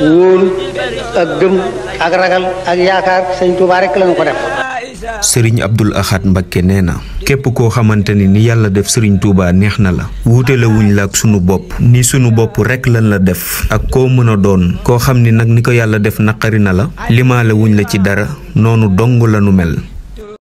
wóolu ak gëm ak ragal ak yaakaar sëñ Tuubaa rekk lañu ko def sëriñ Abdul Ahad Mbakke nee na képp koo xamante ni ni yàlla def sëriñ Touba neex na la wuute la wuñ la ak sunu bopp ni sunu bopp rekk lan la def ak koo mën doon koo xam ni nag ni ko yàlla def naqari na la limaale wuñ la ci dara noonu dong lanu nu mel